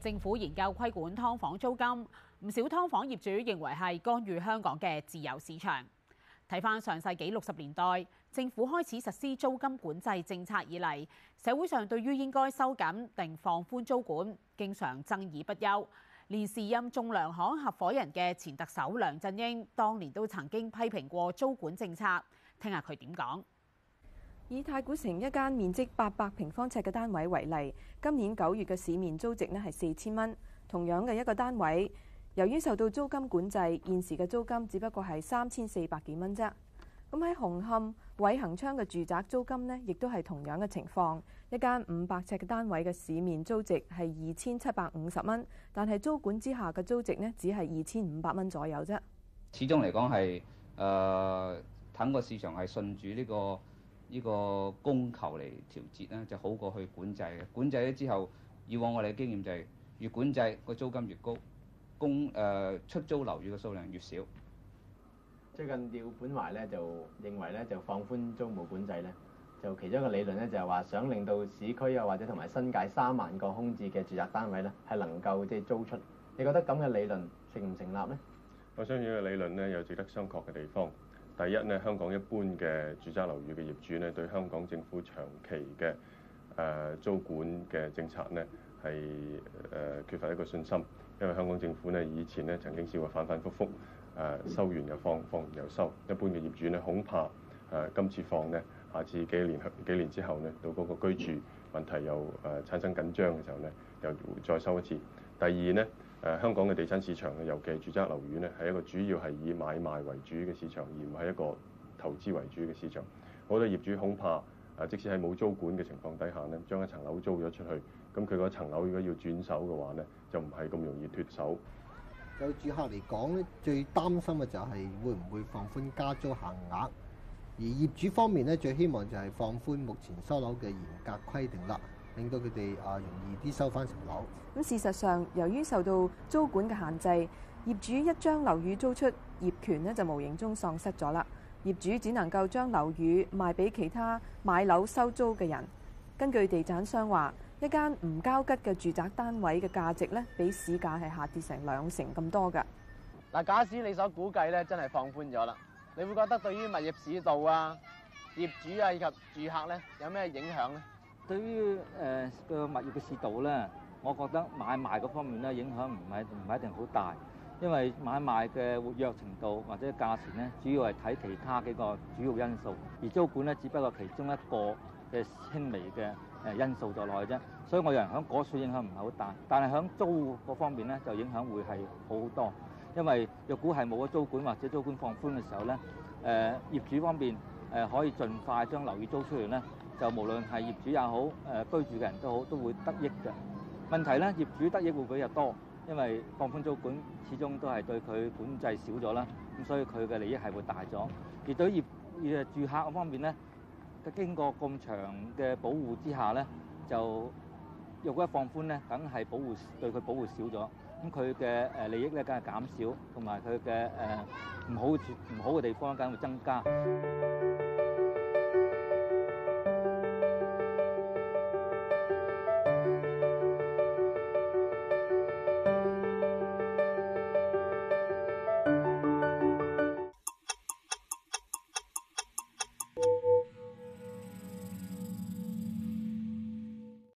政府研究規管劏房租金，唔少劏房業主認為係干預香港嘅自由市場。睇返上世紀六十年代政府開始實施租金管制政策以嚟，社會上對於應該收緊定放寬租管，經常爭議不休。連時任仲量行合伙人嘅前特首梁振英，當年都曾經批評過租管政策。聽下佢點講。以太古城一間面積八百平方尺嘅單位為例，今年九月嘅市面租值呢係四千蚊。同樣嘅一個單位，由於受到租金管制，現時嘅租金只不過係三千四百幾蚊啫。咁喺紅磡偉恆昌嘅住宅租金呢，亦都係同樣嘅情況。一間五百尺嘅單位嘅市面租值係二千七百五十蚊，但係租管之下嘅租值呢，只係二千五百蚊左右啫。始終嚟講係誒、睇、呃、個市場係順住呢個呢個供求嚟調節咧，就好過去管制嘅。管制咗之後，以往我哋嘅經驗就係越管制個租金越高，供誒、呃、出租樓宇嘅數量越少。最近廖本懷咧就認為咧就放寬租務管制咧，就其中一個理論咧就係、是、話想令到市區啊或者同埋新界三萬個空置嘅住宅單位咧係能夠即係租出。你覺得咁嘅理論成唔成立咧？我相信呢個理論咧有值得商榷嘅地方。第一咧，香港一般嘅住宅樓宇嘅業主咧，對香港政府長期嘅租管嘅政策咧，係缺乏一個信心，因為香港政府咧以前咧曾經試過反反覆覆收完又放，放完又收。一般嘅業主咧恐怕今次放咧，下次幾年幾年之後咧，到嗰個居住問題又誒產生緊張嘅時候咧，又再收一次。第二咧。誒香港嘅地產市場尤其係住宅樓宇咧，係一個主要係以買賣為主嘅市場，而唔係一個投資為主嘅市場。好多業主恐怕誒，即使喺冇租管嘅情況底下咧，將一層樓租咗出去，咁佢嗰層樓如果要轉手嘅話咧，就唔係咁容易脫手。對住客嚟講咧，最擔心嘅就係會唔會放寬加租限額，而業主方面咧，最希望就係放寬目前收樓嘅嚴格規定啦。令到佢哋啊容易啲收翻層樓。咁事實上，由於受到租管嘅限制，業主一將樓宇租出業權呢就無形中喪失咗啦。業主只能夠將樓宇賣俾其他買樓收租嘅人。根據地產商話，一間唔交吉嘅住宅單位嘅價值咧，比市價係下跌成兩成咁多㗎。嗱，假使你所估計咧，真係放寬咗啦，你會覺得對於物業市道啊、業主啊以及住客咧，有咩影響咧？對於誒個物業嘅市道咧，我覺得買賣嗰方面咧影響唔係唔係一定好大，因為買賣嘅活躍程度或者價錢咧，主要係睇其他幾個主要因素，而租管咧只不過其中一個嘅輕微嘅誒因素在內啫。所以我認為響嗰處影響唔係好大，但係響租嗰方面咧就影響會係好多，因為若果係冇咗租管或者租管放寬嘅時候咧，誒業主方面誒可以盡快將樓宇租出嚟咧。就無論係業主也好，誒、呃、居住嘅人都好，都會得益嘅。問題咧，業主得益會比較多，因為放寬租管，始終都係對佢管制少咗啦，咁所以佢嘅利益係會大咗。而對於業誒住客方面咧，佢經過咁長嘅保護之下咧，就若果一放寬咧，梗係保護對佢保護少咗，咁佢嘅誒利益咧梗係減少，同埋佢嘅誒唔好唔好嘅地方梗會增加。